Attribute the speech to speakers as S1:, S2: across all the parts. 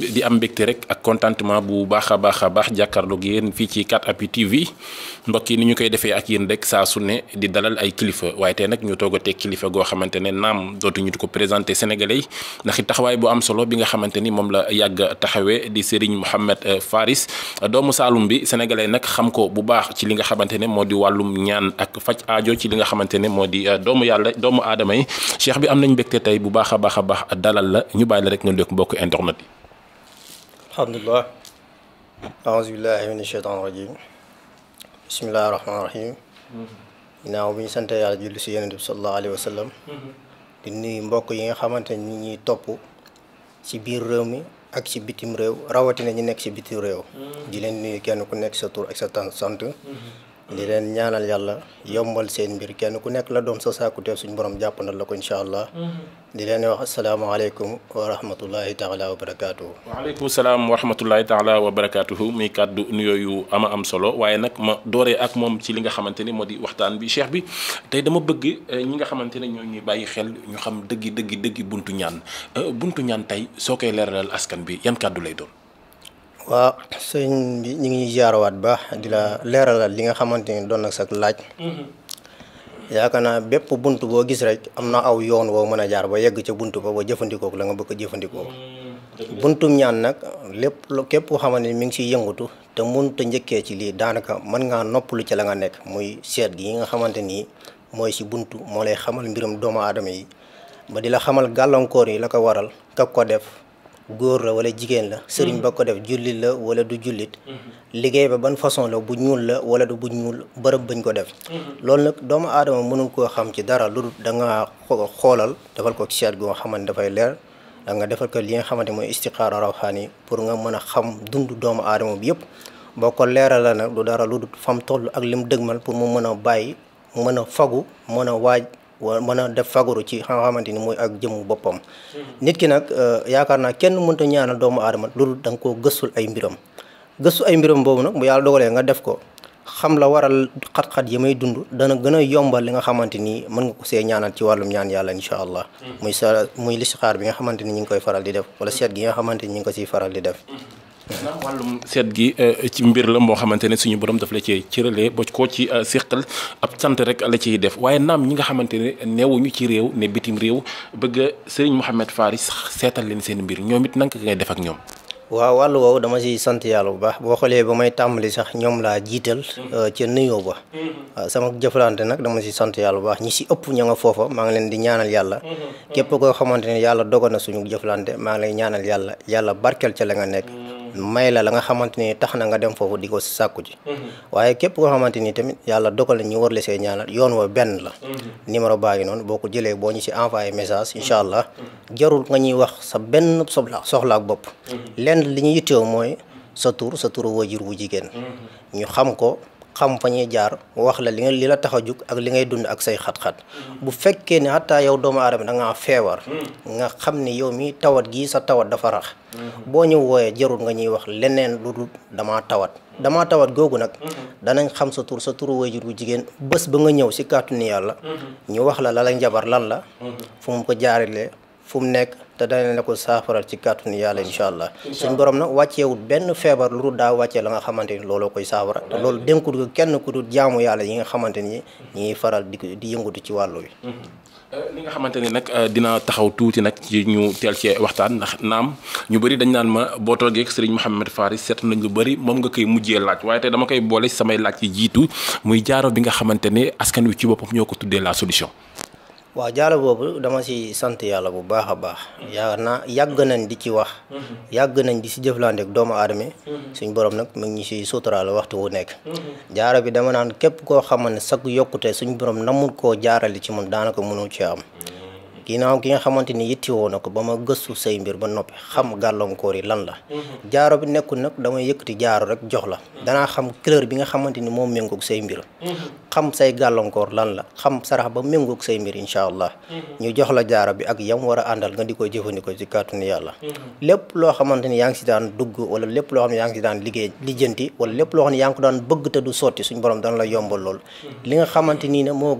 S1: di am mbégte rek ak contentement bu baax a baax a baax jàkkaarloog yéen fii ci 4appuis TV mbokk yi ni ñu koy defee ak yéen rek saa su ne di dalal ay kilifa waaye tey nag ñu toog a teg kilifa goo xamante ne naam dootuñu ko présenté sénégalais ndax it taxawaay bu am solo bi nga xamante ni moom la yàgg taxawee di Serigne Mouhamed euh, Faris doomu Saalum bi sénégalais nag xam ko bu baax ci li nga xamante ne moo di wàllum ñaan ak faj aajo ci li nga xamante ne moo di euh, doomu yàlla doomu aadama yi cheikh bi am nañ mbekk tey bu baax a baax a baax dalal la ñu bàyyi la rek nga ndékk mbokk internet yi
S2: alhamdulillah aousubillahi min asheytaan rajim bismillahi rahmaani rahim ginnaaw bi ñu sante yàlla julli si yonent bi sallallahu alayhi wa sallam di nuyu mbokk yi nga xamante ñu ñuy topp ci biir réew mi ak ci bitim réew rawatina ñu nekk ci bitim réew di leen kenn ku nekk sa tur ak sa sant di leen ñaanal yàlla yombal seen mbir kenn ku nekk la doon sa saaku saakuteef suñu borom jàppandal la ko incha allah. Mm-hmm. di leen wax asalaamaaleykum wa rahmatullahi taala wa barakaatuhu.
S1: waaleykum salaam wa rahmatullahi taala wa barakaatuhu muy kàddu nuyoo yu ama am solo waaye nag ma dooree ak moom ci li nga xamante ni moo di waxtaan bi cheikh bi tey dama bëgg eh, ñi nga xamante ne ñoo ñuy bàyyi xel ñu xam dëggi dëggi dëggi buntu ñaan eh, buntu ñaan tey soo koy leeralal askan bi yan kàddu lay doon.
S2: waaw sëñ bi ñu ngi jaarawaat ba di la leeralal li nga xamante ni doon nag sax laaj mm-hmm. yaakaar naa bépp bunt boo gis rek am na aw yoon woo mën a jaar ba yegg ca bunt ba ba jëfandikoo la nga bëgg a jëfandikoo mm-hmm. buntum ñaan nag lépp képp koo xamante ni mi ngi siy yëngatu te mënut njëkkee ci lii daanaka mën ngaa noppalu ci la nga nekk muy seet gi nga xamante ni mooy si buntu moo lay xamal mbirum doomu aadama yi ba di la xamal gàllankoor yi la ko waral ka ko def góor la wala jigéen la mm-hmm. sëriñ ba ko def jullit la wala du jullit mm-hmm. liggéey ba ban façon la bu ñuul la wala du bu ñuul bërëb bañ ko def mm-hmm. loolu nag doomu aadama mënul koo xam ci dara lu da nga xoolal defal ko ci da nga li nga xamante mooy istiqaara rawxaan yi pour nga mën a xam dund doomu aadama bi yëpp boo ko leeral la nag du dara lu dul fam toll ak lim dëgmal pour mu mën a bàyyi mën a fagu mën a waaj wa mën a def fagaru ci xam xamante ni mooy ak jëmu boppam nit ki nag euh, yaakaar naa kenn mënta ñaanal doomu aadama loolu da nga koo gësul ay mbiram gëstu ay mbiram boobu nag bu yàlla dogalee nga def ko xam la waral xat-xat yi may dund dana gën a yombal li nga xamante ni mën nga ko see ñaanal ci wàllum ñaan yàlla incha allah hmm. muy sa muy listixaar bi nga xamante ni ñu ngi koy faral di def wala seet gi nga xamante ni ñu ngi ko siy
S1: faral di def hmm. wàllum seet gi euh, ci mbir la moo xamante ne suñu borom daf la cee cëralee ba koo ci euh, seqal ab sant rek la ciy def waaye naam ñi nga xamante ne neewuñu ci réew ne bitim réew bëgg a Serigne Mouhamed Faari seetal leen seen mbir ñoom it nanka ngay def ak ñoom.
S2: waaw wàllu woowu dama ci sant yàlla bu baax boo xoolee ba may tàmbali sax ñoom laa jiital mm-hmm. euh, ca nuyoo ba mm-hmm. waaw sama jëflante nag dama ci sant yàlla bu baax ñi ci ëpp ña nga foofa maa ngi leen di ñaanal yàlla mm-hmm. képp koo xamante ne yàlla dogal na suñu jëflante maa ngi lay ñaanal yàlla yàlla barkeel may la la nga xamante ni tax na nga dem foofu di ko sàkku ji mm-hmm. waaye képp koo xamante ni tamit yàlla dogal na ñu war la see ñaanal yoon wa benn la mm-hmm. numéro baa noonu boo ko jëlee boo ñu si envoyé message incha allah jarul nga ñuy wax sa benn soxla soxlaak bopp mm-hmm. lenn li ñu yittewoo mooy sa tur sa tur wajur wu jigéen ñu xam ko xam fa ñuy jaar wax la li li la tax a jug ak li ngay dund ak say xat-xat bu fekkee ne xataa yow doomu aadama da ngaa nga xam ne yow mi tawat gi sa tawat dafa rax boo ñu wooyee jarul nga ñuy wax leneen lu dul damaa tawat dama tawat googu nag danañ xam sa tur sa turu waajur wu jigéen bés ba nga ñëw si kàttu ni yàlla ñu wax la la la njabar lan la fu mu ko jaarilee fu mu nekk te dana la ko saafaral ci kàttanu yàlla incha allah suñ borom nag wàcceewut benn feebar lu dul daa wàccee la nga xamante ni looloo koy saafara te loolu dénkut ko kenn ku dul jaamu yàlla yi nga xamante ni ñi ngi faral di di yëngatu ci wàllu wi
S1: mm-hmm. euh, li nga xamante ni nag euh, dina taxaw tuuti nag ci ñu teel cee waxtaan ndax naam ñu bëri dañ naan ma boo toogee ak Serigne Mouhamed Faris seet nañ lu bëri moom nga koy mujjee laaj waaye tey dama koy boole samay laaj yi jiitu muy jaaro bi nga xamante ne askan wi ci boppam ñoo ko tuddee la solution
S2: waaw jaaro boobu dama ci sant yàlla bu baax a baax yaakaar naa yàgg nañ di ci wax mhm. yàgg nañ di si jëflante doomu aadama mhm. suñ borom nag mu ñu si suturaal waxtu wu nekk mhm. jaaro bi dama naan képp koo xaman ne sag yokkute suñ borom namul koo jaarale ci mun daanaka mënu ci am ginnaaw gi nga xamante ni yittewoo ko ba ma gëstu say mbir ba noppi xam gàllankoor yi lan la jaaro bi nekkul nag damay yëkkati jaaro rek jox la danaa xam couleur bi nga xamante ni moom méngoog say mbir xam say gàllankoor lan la xam sarax ba méngoog say mbir incha allah ñu jox la jaaro bi ak yam war a àndal nga di ko jëfandikoo ci kàttanu yàlla lépp loo xamante ni yaa ngi si daan dugg wala lépp loo xam ne yaa ngi si daan liggéey lijjanti wala lépp loo xam ne yaa ngi ko daan bëgg te du sotti suñu borom dana la yombal lool li nga xamante nii ne moo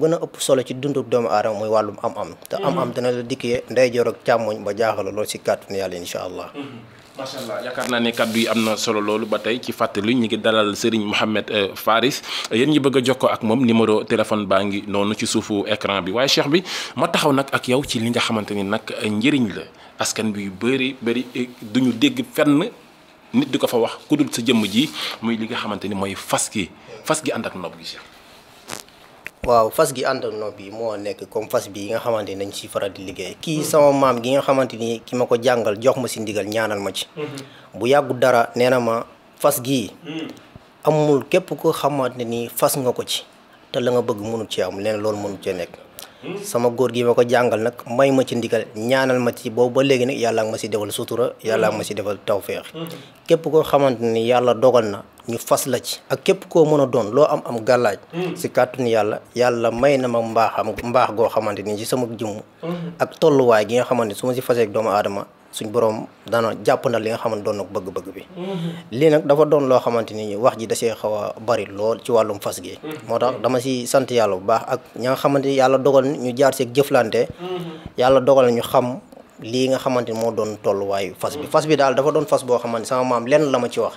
S2: a dana la dikkee ndeyjoor ak càmmoñ ba jaaxalo loolu si kàttanu yàlla incha allah.
S1: Mhm. macha allah yaakaar naa ne kaddu yi am na solo loolu ba tey ci fàttali ñu ngi dalal Serigne Mouhamed euh, Faris yéen ñi bëgg a jokkoo ak moom numéro téléphone baa ngi noonu ci suufu écran bi waaye cheikh bi ma taxaw nag ak yow ci li nga xamante ni nag euh, njëriñ la askan bi yu bëri bëri euh, duñu dégg fenn nit di ko fa wax ku dul sa jëmm ji muy li nga xamante ni mooy fas gi fas gi ànd ak nopp gi cheikh
S2: waaw fas gi àndandoo bi moo nekk comme fas bi yi nga xamante ni dañ si faral di liggéey kii sama maam gi nga xamante ni ki ma ko jàngal jox ma si ndigal ma ci mhm. bu yàggu dara nee na ma fas gii mhm. amul képp ko xamante ni fas nga ko ci te la nga bëgg mënut ci am leen loolu mënut ci nekk mhm. sama góor gi ma ko jàngal nag may ma ci ndigal ñaanal ma ci boobu ba léegi nag yàlla ma si defal sutura yàlla ma si defal tawféex képp koo xamante ni yàlla dogal na ñu fas la ci ak képp koo mën a doon loo am am gàllaaj mm. si kàttun yàlla yàlla may na ma mbaaxam mbaax goo xamante ni si sama jëmm mm-hmm. ak tolluwaay gi nga xamante ni su ma si fasee ak doomu aadama suñ borom dana jàpp na li nga xamante doon na bëgg-bëgg bi mm-hmm. lii nag dafa doon loo xamante ni wax ji da see xaw a bari lool ci wàllum fas gi mm-hmm. moo tax dama si sant yàlla bu baax ak ña nga xamante ni yàlla dogal ñu jaar seeg jëflante yàlla dogal ñu xam lii nga xamante moo doon tolluwaayu fas bi fas bi daal dafa doon fas boo xamante sama maam lenn la ma ci wax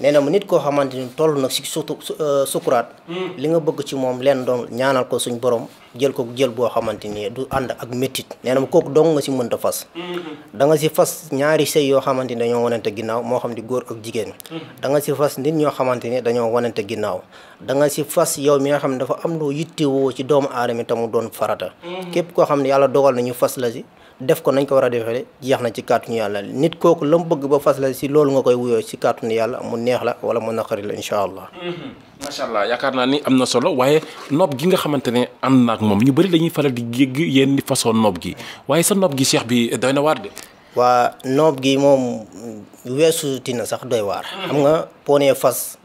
S2: nee nit koo xamante ni nag si su euh, sukuraat mm. li nga bëgg ci moom lenn doon ñaanal ko suñ borom jël ko jël boo xamante ni du ànd ak méttit nee na ma kooku dong nga si mënta fas mm-hmm. da nga si fas ñaari sëy yoo xamante ni dañoo wanante ginnaaw moo xam di góor ak jigéen mm-hmm. da nga si fas nit ñoo xamante ni dañoo wanante ginnaaw da nga si fas yow mi nga xam ne dafa am loo yittewoo ci doomu aadama tamu doon farata mm-hmm. képp koo xam ne yàlla dogal na la si def ko nañ ko war a defee jeex na ci kàttanu yàlla nit kooku la mu bëgg ba fas la si loolu nga koy wuyoo si kàttanu yàlla mu neex la wala mu naqari la incha allah.
S1: Mhm. macha allah yaakaar naa ni am na solo waaye nopp gi nga xamante ne ànd na ak moom ñu bëri dañuy faral di yëg yenn façon nopp gi waaye sa nopp gi cheikh bi doy de.
S2: waa nopp gi moom weesu tina sax doy waar. nga poney fas.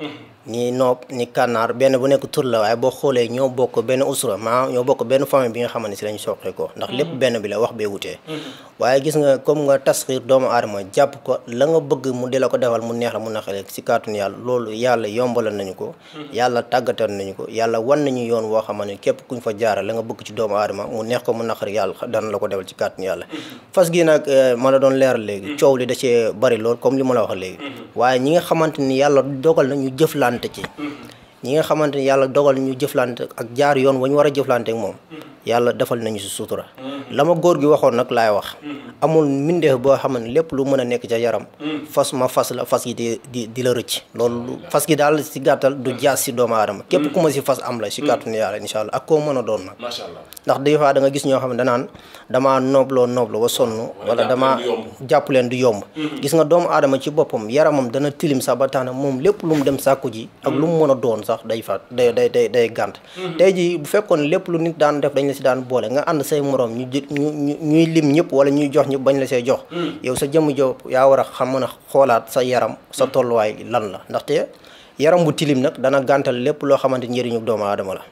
S2: ni noob ni kànnaar benn bu nekk tur la waaye xoolee ñoo bokk benn usra maa ñoo bokk benn famille bi nga xam ne si lañ soqe ko ndax lépp mm-hmm. benn bi la wax bee wutee mm-hmm. waaye gis nga comme nga tasxiir doomu aadama jàpp ko la nga bëgg mu di la ko defal mu neex la mu naqaree si kàttun loolu yàlla yombala nañu ko mm-hmm. yàlla tàggatal nañu ko yàlla wan nañu yoon woo xam ne képp kuñ fa jaara la nga bëgg ci doomu aadama mu neex ko mu naqar yàlla dana la ko defal ci kàttun yàlla fas gi nag eh, ma la doon leeral léegi coow li da bari lool comme li ma la wax léegi. Mhm. waaye ñi nga xamante ni yàlla dogal nañu jëflante ci. Mhm. ñi nga xamante yàlla dogal ñu jëflante ak jaar yoon wa ñu war a jëflante moom. Mhm. yàlla defal nañu si sutura la ma góor gi waxoon nag laay wax amul mbindeef boo xam ne lépp lu mën a nekk ca yaram fas ma fas la fas gi di di di la rëcc loolu fas gi daal si gàttal du jaas si doomu aadama mm. képp ku ma si fas am la si mm. kàttanu yàlla incha allah ak koo mën a doon nag ndax des fois da nga gis ñoo xam ne danaan damaa noobloo noobloo ba sonn wala damaa jàpp leen du yomb mm-hmm. gis nga doomu aadama ci boppam yaramam dana tilim sax ba tax moom lépp lu mu dem sàkku ji ak lu mu mm-hmm. mën a doon sax day faat day day day day gànt mm-hmm. tey bu fekkoon lépp lu nit daan def dañ si daan boole nga ànd say moroom ñu jël ñu ñuy lim ñëpp wala ñuy jox ñu bañ la say jox. Hmm. yow sa jëmm jow yaa war a xam mën a xoolaat sa yaram sa hmm. tolluwaay lan la ndaxte yaram bu tilim nag dana gàntal lépp loo xamante njëriñu doomu aadama la.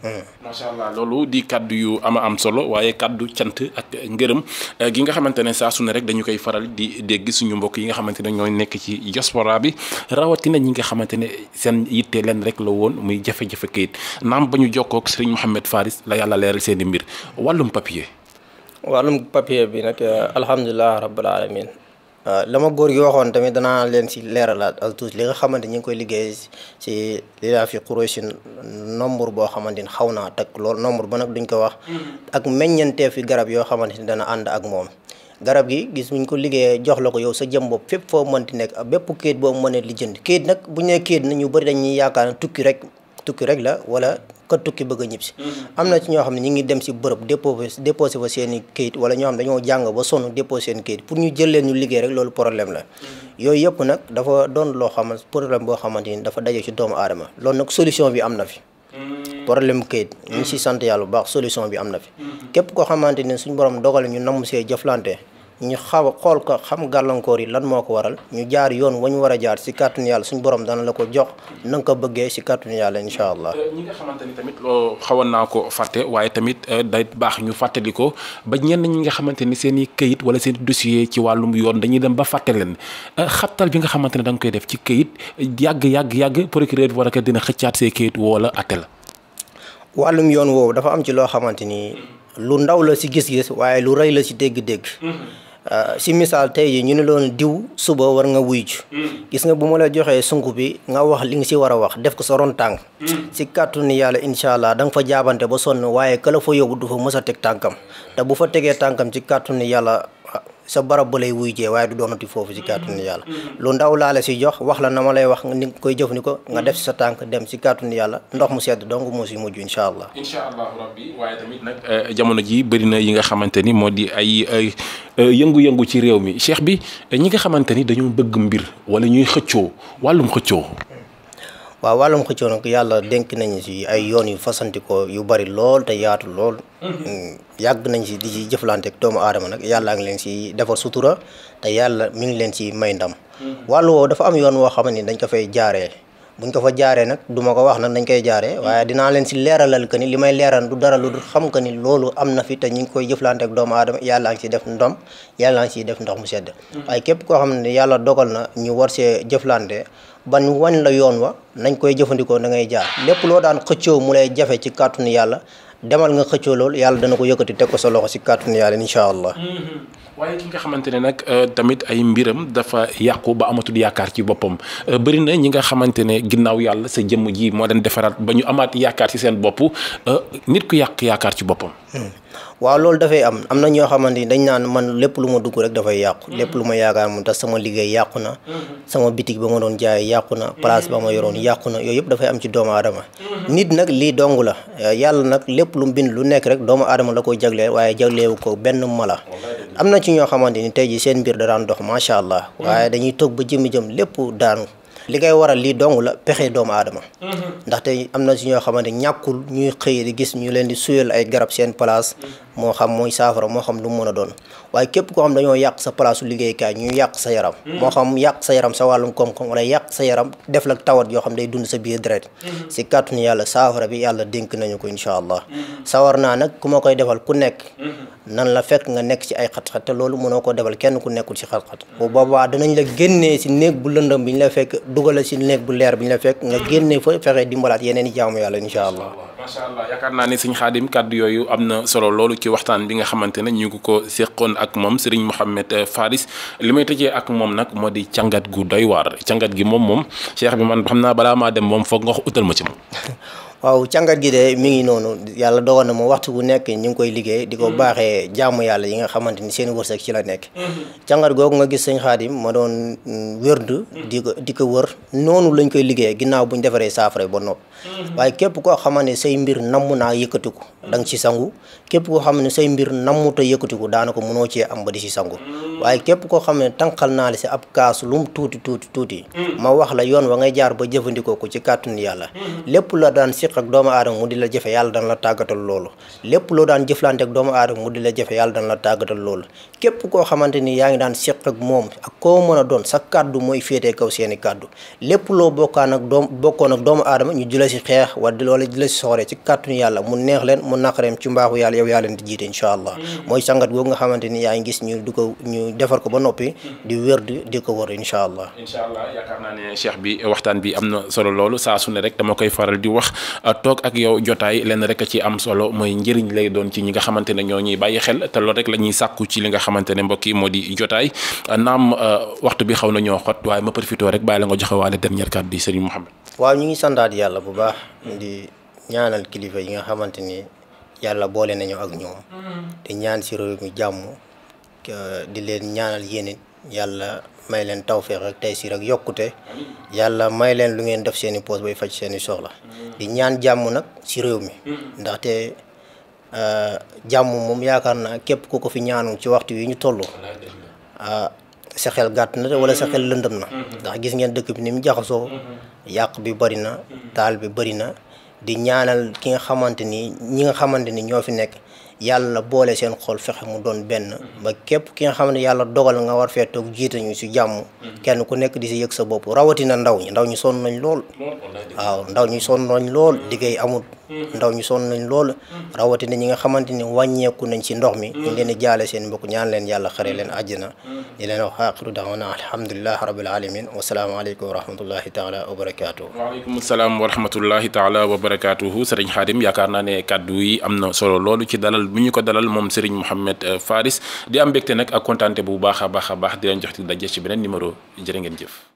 S1: Eh. macha allah loolu di kàddu yu ama am solo waaye kàddu cant ak ngërëm eh, gi nga xamante ne saa su ne rek dañu koy faral di dégg suñu mbokk yi nga xamante ne ñoo nekk ci diaspora bi rawatina ñi nga xamante ne seen yitte leen rek la woon muy jafe-jafe kayit naam ba ñu jokkoo ak sëriñ Mouhamed Faris la yàlla leeral seen i mbir wàllum papier.
S2: wàllum papier bi nag eh, alhamdulilah rabbil alamin Euh, la ma góor gi waxoon tamit danaa leen si leeralaat al tuus li nga xamante ñu ngi koy liggéey si li laa fi xuróy si nombre boo xamante ni xaw naa takk loolu nombre ba nag duñ ko wax mm-hmm. ak meññantee fi garab yoo xamante ni dana ànd ak moom garab gi gis buñ ko liggéeyee jox la ko yow sa jëm bopp fépp foo ti nekk bépp kayit boo mën a lijjanti kayit nag bu ñu nee kayit na ñu bëri dañuy yaakaar tukki rek tukki rek la wala ka tukki bëgg a ñib mm-hmm. am na ci ñoo xam ne ñu ngi dem si bërëb déposé déposé fa seen i kayit wala ñoo xam ne dañoo jàng ba sonn déposé seen kayit pour ñu jël leen ñu liggéey rek loolu problème la mm-hmm. yooyu yëpp nag dafa doon loo xam problème boo xamante ni dafa daje ci doomu aadama loolu nag solution bi am na fi mm-hmm. problème kayit ñu si sant yàlla bu baax solution bi am na fi képp koo xamante ne suñu borom dogal ñu namm see jëflante ñu xaw a xool ko xam gàllankoor yi lan moo ko waral ñu jaar yoon wañu war a jaar si kàttanu yàlla suñu borom dana la ko jox na ko bëggee si kàttanu yàlla incha allah. Euh,
S1: ñi xawoon naa ko fàtte waaye tamit euh, day baax ñu fàttali ko ba ñenn ñi nga xamante ni seen i këyit wala seen dossier ci wàllum yoon dañuy dem ba fàtte leen euh, xabtal bi nga xamante ne da koy def ci këyit yàgg yàgg yàgg procureur bi war a dina xëccaat see këyit wala atte la.
S2: wàllum yoon woowu dafa am ci loo xamante ni lu ndaw la si gis-gis waaye lu rëy la si dégg-dégg mm-hmm. Euh, si misaal tey ñu ne loon diw suba war nga wuy ji hmm. gis nga bu ma la joxee sunk bi nga wax li nga si war a wax def ko sa ron tànk hmm. si kàttu yàlla incha allah da nga fa jaabante ba sonn waaye kala fa yóbbu du fa mës a teg tànkam te bu fa tegee tànkam ci kàttu yàlla sa barab bu lay wuy jee waaye du doonati foofu si kàttanu yàlla lu ndaw laa la si jox wax la na ma lay wax ni nga koy jëfandikoo nga def si sa tànk dem si kàttanu yàlla ndox mu sedd dong moo si mujj incha allah
S1: incha allahu eh, jamono ji bëri na yi nga xamante ni moo di ay eh, yëngu-yëngu ci réew mi cheikh bi eh, ñi nga xamante ni dañoo bëgg mbir wala ñuy xëccoo wàllum xëccoo
S2: waaw wàllum xëccoo yàlla dénk nañu si ay yoon yu fasantikoo yu bari lool te yaatu lool. Mm-hmm. yàgg nañ ci di ci jëflanteek doomu aadama nag yàlla ngi leen si defar sutura te yàlla mu ngi leen si may ndam. Mm-hmm. wàll woo dafa am yoon woo xam ne dañ ko fay jaaree. buñ ko fa jaaree nag duma ko wax nag nañ koy jaaree waaye dinaa leen si leeralal que ni li may leeral du dara lu xam que ni loolu am na fi te ñu ngi koy jëflante ak doomu aadama yàlla ngi si def ndom yàlla ngi siy ndox mu sedd hmm. waaye képp koo xam ne yàlla dogal na ñu war see jëflante ban wan la yoon wa nañ koy jëfandikoo da ngay jaar lépp loo daan xëccoo mu lay jafe ci kàttanu yàlla demal nga xëccoo loolu yàlla dana ko yëkkati teg ko sa loxo si kàttanu yàlla incha allah. Mm-hmm.
S1: waaye ki nga xamante ne nag euh, tamit ay mbiram dafa yàqu ba amatul yaakaar ci boppam euh, bëri na ñi nga xamante ne ginnaaw yàlla sa jëmm ji moo leen defaraat ba ñu amaat yaakaar ci seen bopp euh, nit ku yàq yaakaar ci boppam.
S2: Mm. waaw loolu dafay am am na ñoo xamante ni dañ naan man lépp lu ma dugg rek dafay yàqu mm-hmm. lépp lu ma yaakaar mu tax sama liggéey yàqu na mm-hmm. sama bitig ba ma doon jaay yàqu na mm-hmm. place ba ma yoroon yàqu na yooyu yëpp dafay am ci doomu adama nit nag lii dong la eh, yàlla nag lépp lu bind lu nekk rek doomu aadama la ko jagle waaye jagleewu ko benn mala am na ci ñoo xamante ni tey ji seen mbir daraan dox macha allah waaye dañuy toog ba jëmi jëm lépp daanu li koy waral lii dong la pexe doomu aadama. Mhm. ndaxte am na si ñoo xamante ñàkkul ñuy xëye di gis ñu leen di suyal ay garab seen place. Mhm. moo xam mooy saafara moo xam lu mu mën a doon waaye képp koo xam dañoo yàq sa palaasu liggéeykaay ñu yàq sa yaram mm-hmm. moo xam yàq sa yaram sa wàllum koom-koom wala yàq sa yaram def la tawat yoo xam day dund sa biir deret mm-hmm. si kàttanu yàlla saafara bi yàlla dénk nañu ko incha allah mm-hmm. sawar naa nag ku ma koy defal ku nekk nan la fekk nga nekk ci ay xat-xat te loolu mënoo ko defal kenn ku nekkul ci xat-xat bu boobaa danañ la génnee si néeg bu lëndëm bi ñu la fekk dugal si néeg bu leer bi ñu la fekk nga génnee fa fexe dimbalaat yeneen i jaamu yàlla
S1: incha allah macha allah yaakaar naa ne sëñ xaadim kàddu yooyu am na solo loolu ci waxtaan bi nga xamante ne ñu ngi ko séqoon ak moom seriñ Mouhamed eh, Faris li may tëjee ak moom nag moo di càngat gu doy waar cangat gi moom moom cheikh bi man xam naa balaa maa dem moom foog nga wax utal ma ci moom
S2: waaw càngat gi de mi ngi noonu yàlla dogal na moom waxtu bu nekk ñu ngi koy liggéey di ko mm-hmm. baaxee jaamu yàlla yi nga xamante ni seen wërsëg ci la nekk mm-hmm. càngat googu nga gis sëñ Xaadim ma doon mm, wérdu mm-hmm. di ko di ko wër noonu lañ koy liggéeyee ginnaaw bu ñu defaree saafara ba nopp waaye képp koo xamante ne say mbir namm naa yëkkatiku da nga ci sangu képp koo xam ne say mbir nammuta yëkkatiku daanaka mënoo ci am ba di ci sangu waaye képp koo xam ne naa la si ab kaas lum tuuti tuuti tuuti ma wax la yoon wa ngay jaar ba jëfandikoo ko ci kàttun yàlla jëflanteeg ak doomu aadama mu di la jafe yàlla dana la tàggatal loolu lépp loo daan jëflanteeg doomu aadama mu di la jafe yàlla dana la tàggatal loolu képp koo xamante ni yaa ngi daan seq ak koo mën doon sa kàddu mooy féetee kaw seeni kàddu lépp loo bokkaan ak doom bokkoon ak doomu aadama ñu jëla si xeex wala wala jëla si soxore ci kàttunu yàlla mu neex leen mu naqareem ci mbaaxu yàlla yow yaa leen di jiite incha allah mooy sangat googu nga xamante ni yaa ngi gis ñu du ko ñu defar ko ba noppi di wér di ko wër incha allah
S1: incha allah yaakaar naa ne cheikh bi waxtaan bi am na solo loolu saa su ne rek dama koy faral di wax toog ak yow jotaay lenn rek a ci am solo mooy njëriñ lay doon ci ñi nga xamante ne ñoo ñuy bàyyi xel te loolu rek la ñuy sàkku ci li nga xamante ne mbokk yi moo di jotaay naam euh, waxtu bi xaw na ñoo xot waaye ma profité rek bàyyi la nga joxe waale dernière carte bi Serigne Mouhamed.
S2: waaw ñu ngi santaat yàlla bu baax di ñaanal kilifa yi nga xamante ni yàlla boole nañu ak ñoom. Mm-hmm. di ñaan si réew mi jàmm di leen ñaanal yéen yàlla may leen tawféex ak tey siir ak yokkute yàlla may leen lu ngeen def seeni i poos bay faj seeni i soxla di ñaan jàmm nag ci réew mi ndaxte euh, jàmm moom yaakaar naa képp ku ko fi ñaanu ci waxtu yi ñu toll ah, sa xel gàtt na wala sa xel lëndëm na ndax gis ngeen dëkk bi ni mu jaxasoo yàq bi bari na taal bi bari na di ñaanal ki nga xamante ni ñi nga xamante ni ñoo fi nekk yàlla boole seen xol fexe mu doon benn mhm. ba képp ki nga xam ne yàlla dogal nga war fee toog jiite ñu si jàmm mhm. kenn ku nekk di si yëg sa bopp rawatina ndaw ñi ndaw ñi sonn nañ lool waaw ndaw ñi sonn nañ lool mhm. liggéey amut Mm-hmm. ndaw ñu sonn nañ lool mm-hmm. rawatina ñi nga xamante ni wàññeeku nañ ci ndox mi ñu mm-hmm. leen di jaale seen mbokk ñaan leen yàlla xare leen àjjana di leen wax aaxiru da'waana alhamdulillahi rabbil alamin wasalaamu aleykum wa rahmatullahi taala wa barakaatuhu
S1: waaleykum salaam wa rahmatullahi taala wa barakaatuhu sëriñ Xaadim yaakaar naa ne kàddu yi am na solo loolu ci dalal bu ñu ko dalal moom sëriñ Mouhamed euh, Faris di am mbégte nag a kontaante bu baax a baax a baax di leen jox ti daje ci beneen numéro jërë ngeen jëf